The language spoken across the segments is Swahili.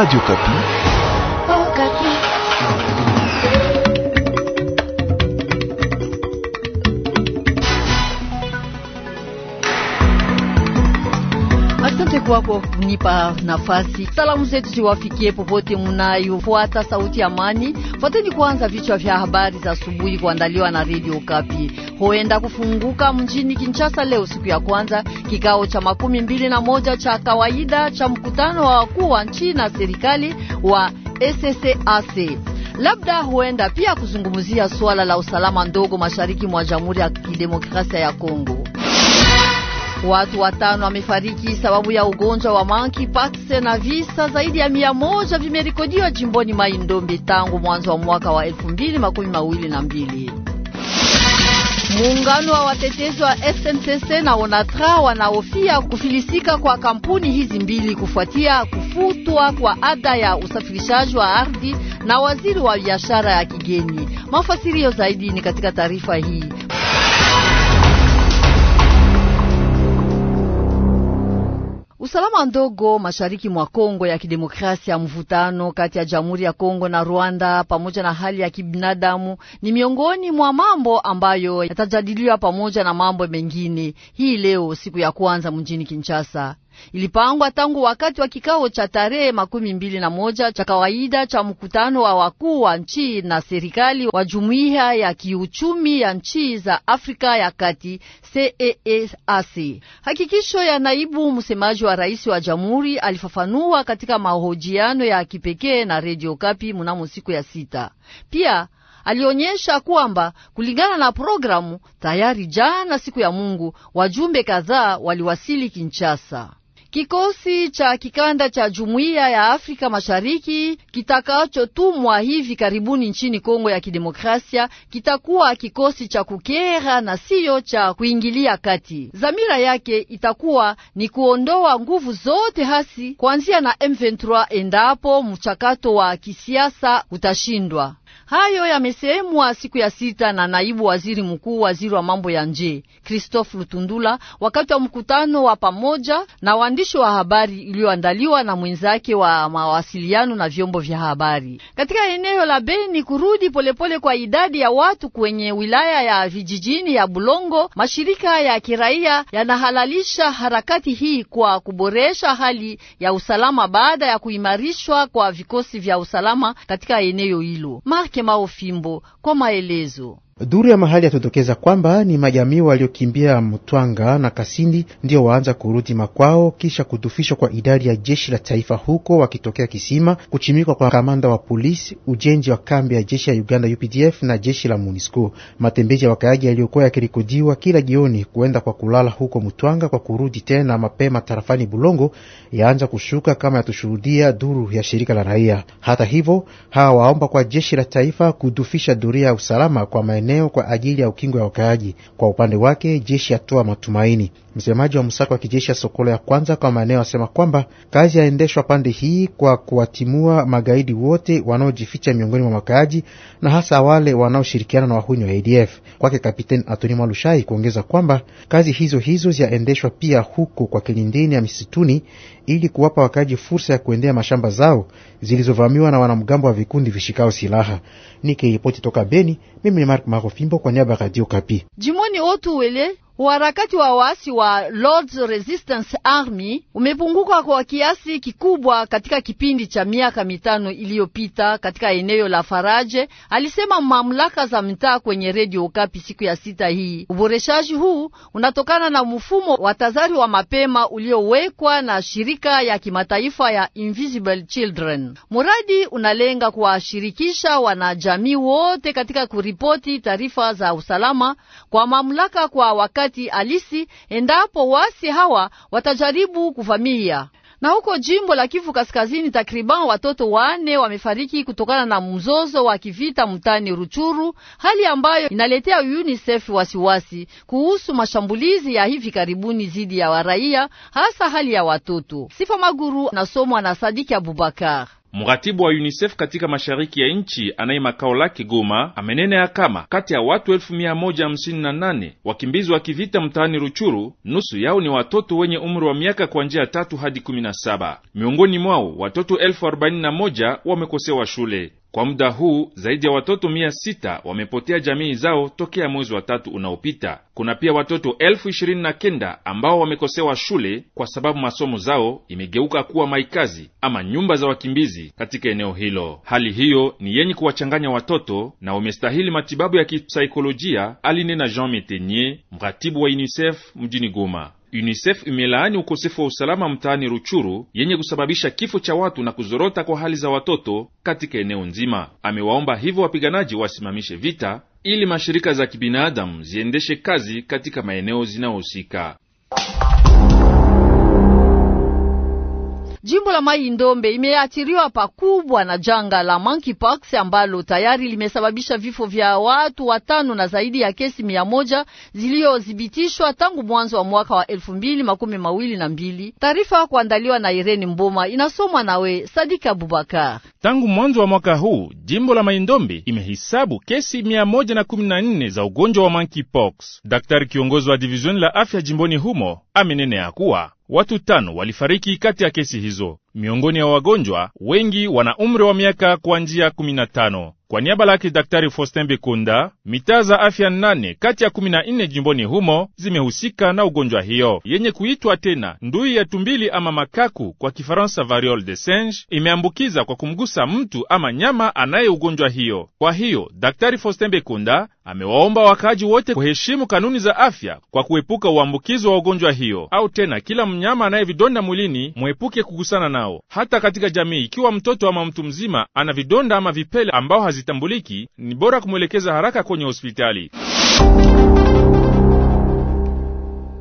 Radio Kapi. kwako kunipa nafasi. Salamu zetu ziwafikie popote munayofuata sauti ya amani. Fuateni kwanza vichwa vya habari za asubuhi kuandaliwa na Radio Kapi. Huenda kufunguka mjini Kinshasa leo siku ya kwanza kikao cha makumi mbili na moja cha kawaida cha mkutano wa wakuu wa nchi na serikali wa SSAC labda huenda pia kuzungumzia suala la usalama ndogo mashariki mwa Jamhuri ya Kidemokrasia ya Kongo. Watu watano wamefariki sababu ya ugonjwa wa monkeypox na visa zaidi ya mia moja vimerekodiwa jimboni Mai Ndombe tangu mwanzo wa mwaka wa elfu mbili makumi mawili na mbili. Muungano wa watetezi wa SNCC na ONATRA wanahofia kufilisika kwa kampuni hizi mbili kufuatia kufutwa kwa ada ya usafirishaji wa ardhi na waziri wa biashara ya kigeni. Mafasirio zaidi ni katika taarifa hii. Usalama ndogo mashariki mwa Kongo ya Kidemokrasia, mvutano kati ya Jamhuri ya Kongo na Rwanda pamoja na hali ya kibinadamu ni miongoni mwa mambo ambayo yatajadiliwa pamoja na mambo mengine hii leo, siku ya kwanza mjini Kinshasa ilipangwa tangu wakati wa kikao cha tarehe makumi mbili na moja cha kawaida cha mkutano wa wakuu wa nchi na serikali wa jumuiya ya kiuchumi ya nchi za Afrika ya Kati CEEAC. Hakikisho ya naibu msemaji wa rais wa jamhuri alifafanua katika mahojiano ya kipekee na Radio Kapi mnamo siku ya sita. Pia alionyesha kwamba kulingana na programu tayari jana siku ya Mungu wajumbe kadhaa waliwasili Kinshasa. Kikosi cha kikanda cha Jumuiya ya Afrika Mashariki kitakachotumwa hivi karibuni nchini Kongo ya Kidemokrasia kitakuwa kikosi cha kukera na siyo cha kuingilia kati. Zamira yake itakuwa ni kuondoa nguvu zote hasi kuanzia na M23 endapo mchakato wa kisiasa utashindwa. Hayo yamesemwa siku ya sita na naibu waziri mkuu, waziri wa mambo ya nje Christophe Lutundula wakati wa mkutano wa pamoja na waandishi wa habari iliyoandaliwa na mwenzake wa mawasiliano na vyombo vya habari katika eneo la Beni. Kurudi polepole kwa idadi ya watu kwenye wilaya ya vijijini ya Bulongo, mashirika ya kiraia yanahalalisha harakati hii kwa kuboresha hali ya usalama baada ya kuimarishwa kwa vikosi vya usalama katika eneo hilo Mark próxima Fimbo, como a Duru ya mahali yatodokeza kwamba ni majamii waliokimbia Mtwanga na Kasindi ndio waanza kurudi makwao kisha kudufishwa kwa idadi ya jeshi la taifa huko wakitokea Kisima, kuchimikwa kwa kamanda wa polisi, ujenzi wa kambi ya jeshi ya Uganda UPDF na jeshi la MONUSCO, matembezi ya wakaaji yaliyokuwa yakirikodiwa kila jioni kuenda kwa kulala huko Mtwanga kwa kurudi tena mapema tarafani Bulongo yaanza kushuka kama yatushuhudia duru ya shirika la raia. Hata hivyo, hawa waomba kwa jeshi la taifa kudufisha doria ya usalama kwa maeneo eneo kwa ajili ya ukingo ya wakaaji. Kwa upande wake, jeshi yatoa matumaini. Msemaji wa msako wa kijeshi ya Sokolo ya kwanza kwa maeneo asema kwamba kazi yaendeshwa pande hii kwa kuwatimua magaidi wote wanaojificha miongoni mwa wakaaji na hasa wale wanaoshirikiana na wahuni wa ADF. Kwake Kapiteni Antoni Mwalushai kuongeza kwamba kazi hizo hizo zyaendeshwa pia huko kwa kilindini ya misituni ili kuwapa wakaaji fursa ya kuendea mashamba zao zilizovamiwa na wanamgambo wa vikundi vishikao silaha. Nikiripoti toka Beni, mimi ni Mark Marofimbo kwa niaba ya Radio Kapi. Jimoni otu wele Uharakati wa waasi wa Lord's Resistance Army umepunguka kwa kiasi kikubwa katika kipindi cha miaka mitano iliyopita katika eneo la Faraje, alisema mamlaka za mtaa kwenye redio Okapi siku ya sita hii. Uboreshaji huu unatokana na mfumo wa tazari wa mapema uliowekwa na shirika ya kimataifa ya Invisible Children. Muradi unalenga kuwashirikisha wanajamii wote katika kuripoti taarifa za usalama kwa mamlaka kwa wakati wakati halisi endapo wasi hawa watajaribu kuvamia na huko jimbo la Kivu Kaskazini, takriban watoto wane wamefariki kutokana na mzozo wa kivita mtani Ruchuru, hali ambayo inaletea UNICEF wasiwasi kuhusu mashambulizi ya hivi karibuni dhidi ya waraia, hasa hali ya watoto. Sifa Maguru anasomwa na Sadiki Abubakar. Mratibu wa UNICEF katika mashariki ya nchi anaye makao lake Goma amenene ya kama kati ya watu elfu mia moja hamsini na nane wakimbizi wa kivita mtaani Ruchuru, nusu yao ni watoto wenye umri wa miaka kuanzia tatu hadi kumi na saba. Miongoni mwao watoto elfu arobaini na moja wamekosewa shule. Kwa muda huu zaidi ya watoto mia sita wamepotea jamii zao tokea mwezi wa tatu unaopita. Kuna pia watoto elfu ishirini na kenda ambao wamekosewa shule kwa sababu masomo zao imegeuka kuwa maikazi ama nyumba za wakimbizi katika eneo hilo. Hali hiyo ni yenye kuwachanganya watoto na wamestahili matibabu ya kisaikolojia, alinena Jean Metenier, mratibu wa UNICEF mjini Goma. UNICEF imelaani ukosefu wa usalama mtaani Ruchuru yenye kusababisha kifo cha watu na kuzorota kwa hali za watoto katika eneo nzima. Amewaomba hivyo wapiganaji wasimamishe vita ili mashirika za kibinadamu ziendeshe kazi katika maeneo zinayohusika. Jimbo la Mai Ndombe imeathiriwa pakubwa na janga la monkeypox ambalo tayari limesababisha vifo vya watu watano na zaidi ya kesi mia moja ziliyodhibitishwa tangu mwanzo wa mwaka wa elfu mbili makumi mawili na mbili. Taarifa kuandaliwa na Irene Mboma, inasomwa nawe Sadiki Abubakar. Tangu mwanzo wa mwaka huu jimbo la maindombe imehisabu kesi mia moja na kumi na nne za ugonjwa wa monkeypox. Daktari kiongozi wa divizioni la afya jimboni humo ya kuwa watu tano walifariki kati ya kesi hizo. Miongoni ya wagonjwa wengi wana umri wa miaka kuanzia 15. Kwa niaba lake Daktari Faustin Bikunda, mitaa za afya nane kati ya 14 jimboni humo zimehusika na ugonjwa hiyo yenye kuitwa tena ndui ya tumbili ama makaku kwa Kifaransa variole de singe, imeambukiza kwa kumgusa mtu ama nyama anaye ugonjwa hiyo. Kwa hiyo Daktari Faustin Bikunda amewaomba wakaaji wote kuheshimu kanuni za afya kwa kuepuka uambukizo wa ugonjwa hiyo, au tena kila mnyama anaye vidonda mwilini mwepuke kugusana na nao. Hata katika jamii, ikiwa mtoto ama mtu mzima ana vidonda ama vipele ambao hazitambuliki, ni bora kumwelekeza haraka kwenye hospitali.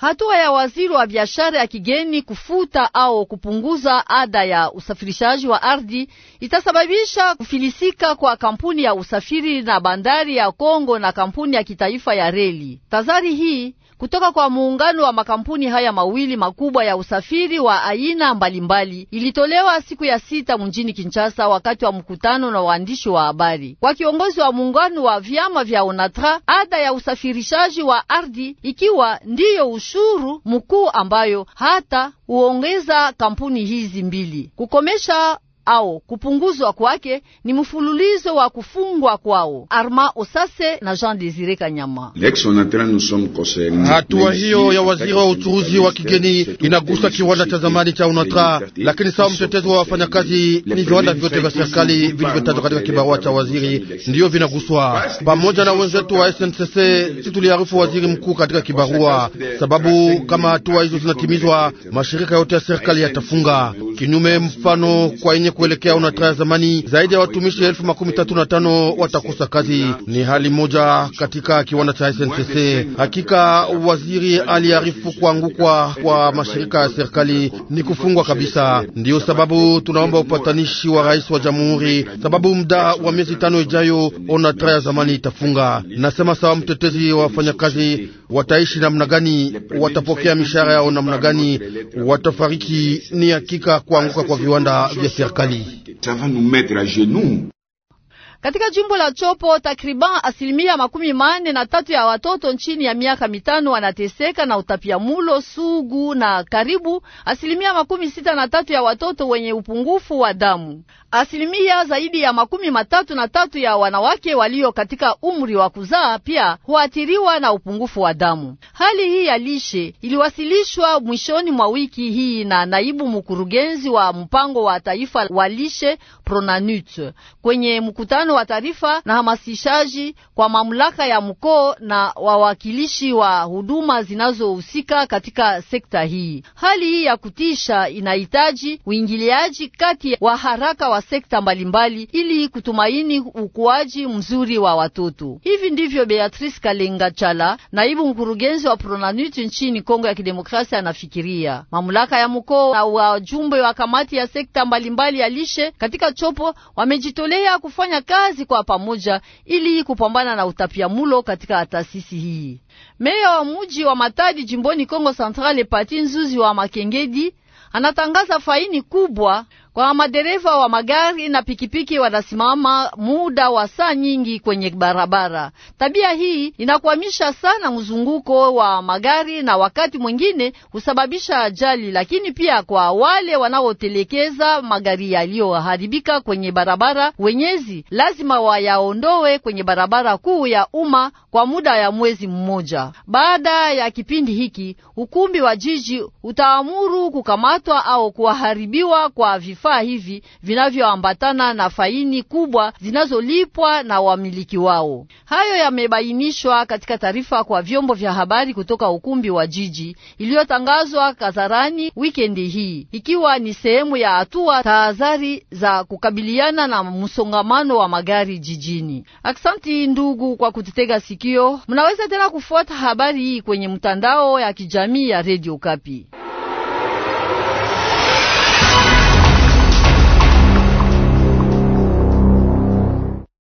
Hatua ya waziri wa biashara ya kigeni kufuta au kupunguza ada ya usafirishaji wa ardhi itasababisha kufilisika kwa kampuni ya usafiri na bandari ya Kongo na kampuni ya kitaifa ya reli. Tazari hii kutoka kwa muungano wa makampuni haya mawili makubwa ya usafiri wa aina mbalimbali ilitolewa siku ya sita mjini Kinshasa wakati wa mkutano na waandishi wa habari. Kwa kiongozi wa muungano wa vyama vya Onatra, ada ya usafirishaji wa ardhi ikiwa ndiyo ushuru mkuu ambayo hata huongeza kampuni hizi mbili kukomesha au kupunguzwa kwake ni mfululizo wa kufungwa kwao Arma Osase na Jean Desire Kanyama. Hatua hiyo ya waziri wa uchuruzi wa kigeni inagusa kiwanda cha zamani cha UNATRA, lakini sawa mtetezi wa wafanyakazi ni viwanda vyote vya serikali vilivyotajwa katika kibarua cha waziri ndiyo vinaguswa, pamoja na wenzetu wa SNCC. Si tuliarifu waziri mkuu katika kibarua, sababu kama hatua hizo zinatimizwa mashirika yote ya serikali yatafunga, kinyume mfano kwa yenye kuelekea UNATRA ya zamani, zaidi ya watumishi elfu makumi tatu na tano watakosa kazi. Ni hali moja katika kiwanda cha SNCC. Hakika waziri aliarifu kuangukwa kwa mashirika ya serikali ni kufungwa kabisa. Ndiyo sababu tunaomba upatanishi wa rais wa jamhuri, sababu muda wa miezi tano ijayo ONATRA ya zamani itafunga. Nasema sawa, mtetezi wa wafanyakazi wataishi namna gani? Watapokea mishahara yao namna gani? Watafariki? Ni hakika kuanguka kwa viwanda vya serikali mkali. Katika jimbo la Chopo takriban asilimia makumi mane na tatu ya watoto nchini ya miaka mitano wanateseka na utapiamulo sugu na karibu asilimia makumi sita na tatu ya watoto wenye upungufu wa damu. Asilimia zaidi ya makumi matatu na tatu ya wanawake walio katika umri wa kuzaa pia huathiriwa na upungufu wa damu. Hali hii ya lishe iliwasilishwa mwishoni mwa wiki hii na naibu mkurugenzi wa mpango wa taifa wa lishe Pronanut kwenye mkutano wa taarifa na hamasishaji kwa mamlaka ya mkoo na wawakilishi wa huduma zinazohusika katika sekta hii. Hali hii ya kutisha inahitaji uingiliaji kati wa haraka wa sekta mbalimbali ili kutumaini ukuaji mzuri wa watoto. Hivi ndivyo Beatrice Kalenga Chala, naibu mkurugenzi wa Pronanut nchini Kongo ya Kidemokrasia, anafikiria. Mamlaka ya mkoa na wajumbe wa kamati ya sekta mbalimbali ya lishe katika chopo wamejitolea kufanya kazi kwa pamoja ili kupambana na utapiamulo katika taasisi hii. Meya wa muji wa Matadi jimboni Kongo Central Pati Nzuzi wa Makengedi anatangaza faini kubwa kwa madereva wa magari na pikipiki wanasimama muda wa saa nyingi kwenye barabara. Tabia hii inakwamisha sana mzunguko wa magari na wakati mwingine husababisha ajali, lakini pia kwa wale wanaotelekeza magari yaliyoharibika kwenye barabara, wenyezi lazima wayaondoe kwenye barabara kuu ya umma kwa muda ya mwezi mmoja. Baada ya kipindi hiki, ukumbi wa jiji utaamuru kukamatwa au kuharibiwa kwa vifaa vifaa hivi vinavyoambatana na faini kubwa zinazolipwa na wamiliki wao. Hayo yamebainishwa katika taarifa kwa vyombo vya habari kutoka ukumbi wa jiji iliyotangazwa kazarani wikendi hii, ikiwa ni sehemu ya hatua tahadhari za kukabiliana na msongamano wa magari jijini. Aksanti ndugu kwa kutitega sikio. Mnaweza tena kufuata habari hii kwenye mtandao ya kijamii ya Radio Kapi.